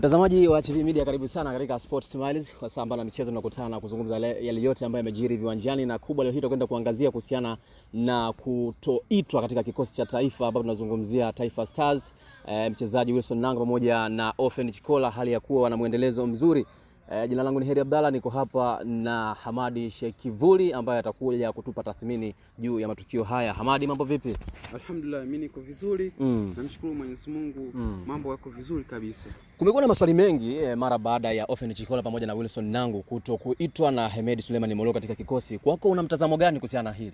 Mtazamaji wa TV Media karibu sana katika Sports Smiles, kwa saa ambalo michezo tunakutana na kuzungumza yale yote ambayo yamejiri viwanjani, na kubwa leo hii tutakwenda kuangazia kuhusiana na kutoitwa katika kikosi cha taifa, ambapo tunazungumzia Taifa Stars, e, mchezaji Wilson Nanga pamoja na Ofen Chikola, hali ya kuwa wana mwendelezo mzuri Eh, jina langu ni Heri Abdalla, niko hapa na Hamadi Shekivuli ambaye atakuja kutupa tathmini juu ya matukio haya. Hamadi, mambo vipi? Alhamdulillah, mimi niko vizuri mm. Namshukuru Mwenyezi Mungu mm. Mambo yako vizuri kabisa. Kumekuwa na maswali mengi eh, mara baada ya Ofen Chikola pamoja na Wilson Nangu kuto kuitwa na Hemedi Suleiman Molo katika kikosi. Kwako una mtazamo gani kuhusiana na hili?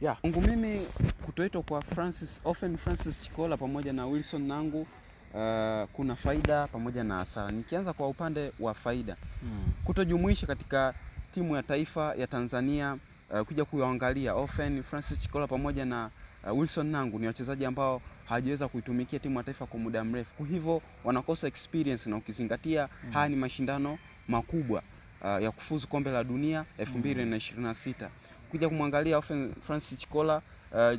Ya, yeah. Mungu mimi kutoitwa kwa Francis Ofen Francis Chikola pamoja na Wilson Nangu uh, kuna faida pamoja na hasara. Nikianza kwa upande wa faida hmm. kutojumuisha katika timu ya taifa ya Tanzania uh, kuja kuangalia Ofen Francis Chikola pamoja na uh, Wilson Nangu ni wachezaji ambao hajiweza kuitumikia timu ya taifa kwa muda mrefu, kwa hivyo wanakosa experience na ukizingatia hmm. haya ni mashindano makubwa uh, ya kufuzu kombe la dunia 2026 hmm. kuja kumwangalia Ofen Francis Chikola uh,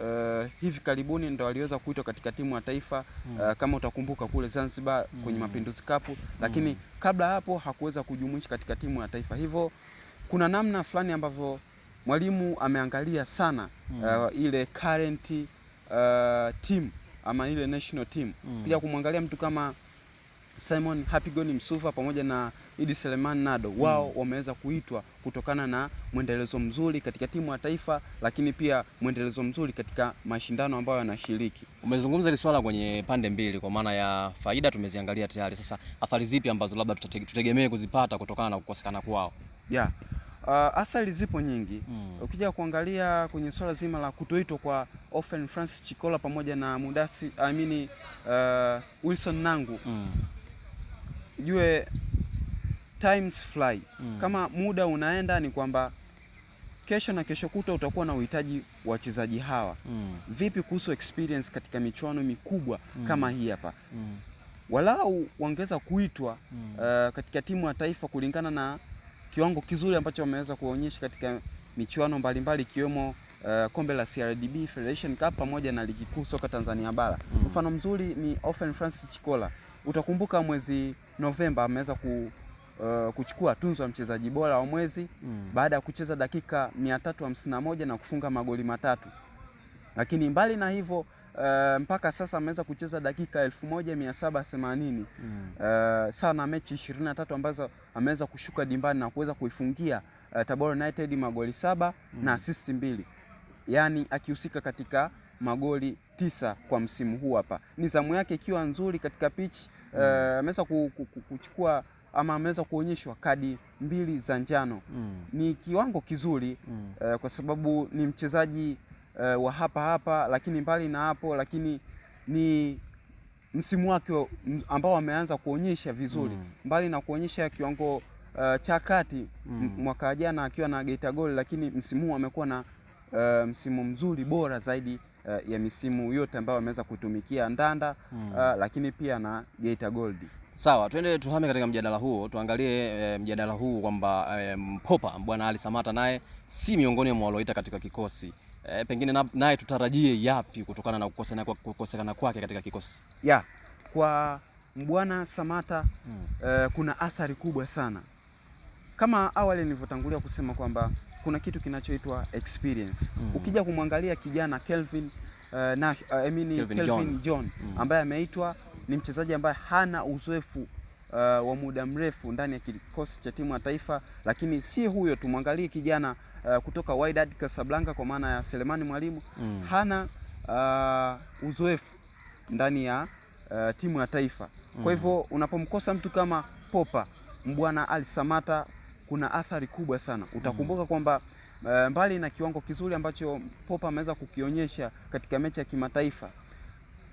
Uh, hivi karibuni ndo aliweza kuitwa katika timu ya taifa mm. uh, kama utakumbuka kule Zanzibar mm. kwenye Mapinduzi Cup mm. lakini kabla hapo hakuweza kujumuisha katika timu ya taifa, hivyo kuna namna fulani ambavyo mwalimu ameangalia sana mm. uh, ile current uh, team ama ile national team mm. pia kumwangalia mtu kama Simon Happy Msuva pamoja na Idi Seleman Nado wao mm. wameweza kuitwa kutokana na mwendelezo mzuri katika timu ya taifa, lakini pia mwendelezo mzuri katika mashindano ambayo yanashiriki. Umezungumza hili swala kwenye pande mbili, kwa maana ya faida tumeziangalia tayari. Sasa athari zipi ambazo labda tutegemee kuzipata kutokana na kukosekana kwao? yeah. Uh, athari zipo nyingi mm. Ukija kuangalia kwenye swala zima la kutoitwa kwa Ofen Francis Chikola pamoja na Mudasi I mean, uh, Wilson Nangu mm. jue times fly mm. Kama muda unaenda ni kwamba kesho na kesho kuta utakuwa na uhitaji wa wachezaji hawa mm. Vipi kuhusu experience katika michuano mikubwa mm. kama hii hapa mm. Walau wangeweza kuitwa mm. uh, katika timu ya taifa kulingana na kiwango kizuri ambacho wameweza kuonyesha katika michuano mbalimbali ikiwemo uh, kombe la CRDB Federation Cup pamoja na ligi kuu soka Tanzania bara mm. Mfano mzuri ni Offen Francis Chikola, utakumbuka mwezi Novemba ameweza ku uh, kuchukua tunzo ya mchezaji bora wa mwezi mm. baada ya kucheza dakika mia tatu hamsini na moja na kufunga magoli matatu, lakini mbali na hivyo Uh, mpaka sasa ameweza kucheza dakika elfu moja mia saba themanini mm. uh, sana mechi ishirini na tatu ambazo ameweza kushuka dimbani na kuweza kuifungia uh, Tabora United magoli saba mm. na asisti mbili, yaani akihusika katika magoli tisa kwa msimu huu. Hapa ni zamu yake ikiwa nzuri katika pitch uh, mm. ameweza mm. uh, kuchukua ama ameweza kuonyeshwa kadi mbili za njano mm. Ni kiwango kizuri mm. eh, kwa sababu ni mchezaji eh, wa hapa hapa, lakini mbali na hapo, lakini ni msimu wake ambao ameanza kuonyesha vizuri mm. mbali na kuonyesha kiwango uh, cha kati mm. mwaka jana akiwa na Geita Gold, lakini msimu huu amekuwa na uh, msimu mzuri bora zaidi uh, ya misimu yote ambayo ameweza kutumikia Ndanda mm. uh, lakini pia na Geita Gold. Sawa, twende tuhame katika mjadala huo, tuangalie e, mjadala huu kwamba e, Mpopa bwana Ali Samata naye si miongoni mwa walioita katika kikosi e, pengine naye tutarajie yapi kutokana na kukosekana kukosekana kwake katika kikosi ya kwa Mbwana Samata hmm. E, kuna athari kubwa sana kama awali nilivyotangulia kusema kwamba kuna kitu kinachoitwa experience hmm. Ukija kumwangalia kijana Kelvin, uh, Nash, uh, I mean Kelvin Kelvin John, John mm. ambaye ameitwa ni mchezaji ambaye hana uzoefu uh, wa muda mrefu ndani ya kikosi cha timu ya taifa, lakini si huyo tumwangalie kijana uh, kutoka Wydad Casablanca kwa maana ya Selemani Mwalimu mm. hana uh, uzoefu ndani ya uh, timu ya taifa mm. kwa hivyo unapomkosa mtu kama Popa Mbwana Ali Samata kuna athari kubwa sana. Utakumbuka mm. kwamba uh, mbali na kiwango kizuri ambacho Popa ameweza kukionyesha katika mechi ya kimataifa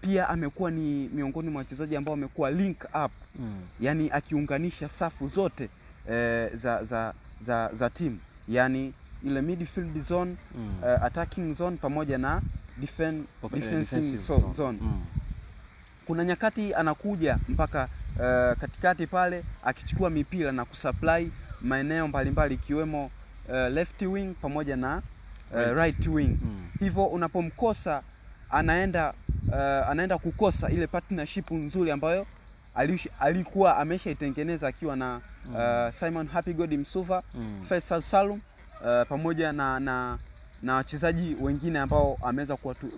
pia amekuwa ni miongoni mwa wachezaji ambao wamekuwa link up mm. Yani akiunganisha safu zote e, za, za, za, za timu yani ile midfield zone mm. uh, attacking zone pamoja na defend, okay, defensive so, zone, zone. Mm. Kuna nyakati anakuja mpaka uh, katikati pale akichukua mipira na kusupply maeneo mbalimbali ikiwemo uh, left wing pamoja na uh, right, right wing mm. Hivyo unapomkosa anaenda uh, anaenda kukosa ile partnership nzuri ambayo alikuwa ameshaitengeneza akiwa na uh, mm. Simon Happy God Msuva mm. Faisal Salum uh, pamoja na na wachezaji wengine ambao ameweza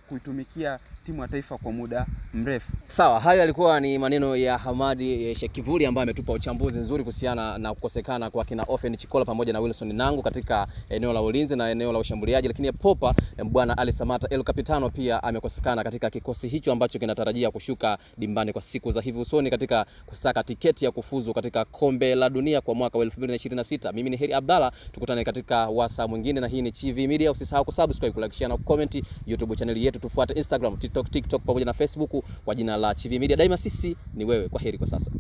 kuitumikia timu ya taifa kwa muda mrefu. Sawa, hayo yalikuwa ni maneno ya Hamadi eh, Shekivuli ambaye ametupa uchambuzi nzuri kuhusiana na kukosekana kwa kina Ofen Chikola pamoja na Wilson Nangu katika eneo la ulinzi na eneo la ushambuliaji, lakini popa eh, bwana Ali Samata El Capitano pia amekosekana katika kikosi hicho ambacho kinatarajia kushuka dimbani kwa siku za hivi usoni katika kusaka tiketi ya kufuzu katika kombe la dunia kwa mwaka wa 2026. Mimi ni Heri Abdalla, tukutane katika wasaa mwingine, na hii ni Chivihi Media. Usisahau kusubscribe, kulike, share na kucomment YouTube channel yetu, tufuate Instagram, TikTok TikTok pamoja na Facebook kwa jina la Chivihi Media. Daima sisi ni wewe. Kwa heri kwa sasa.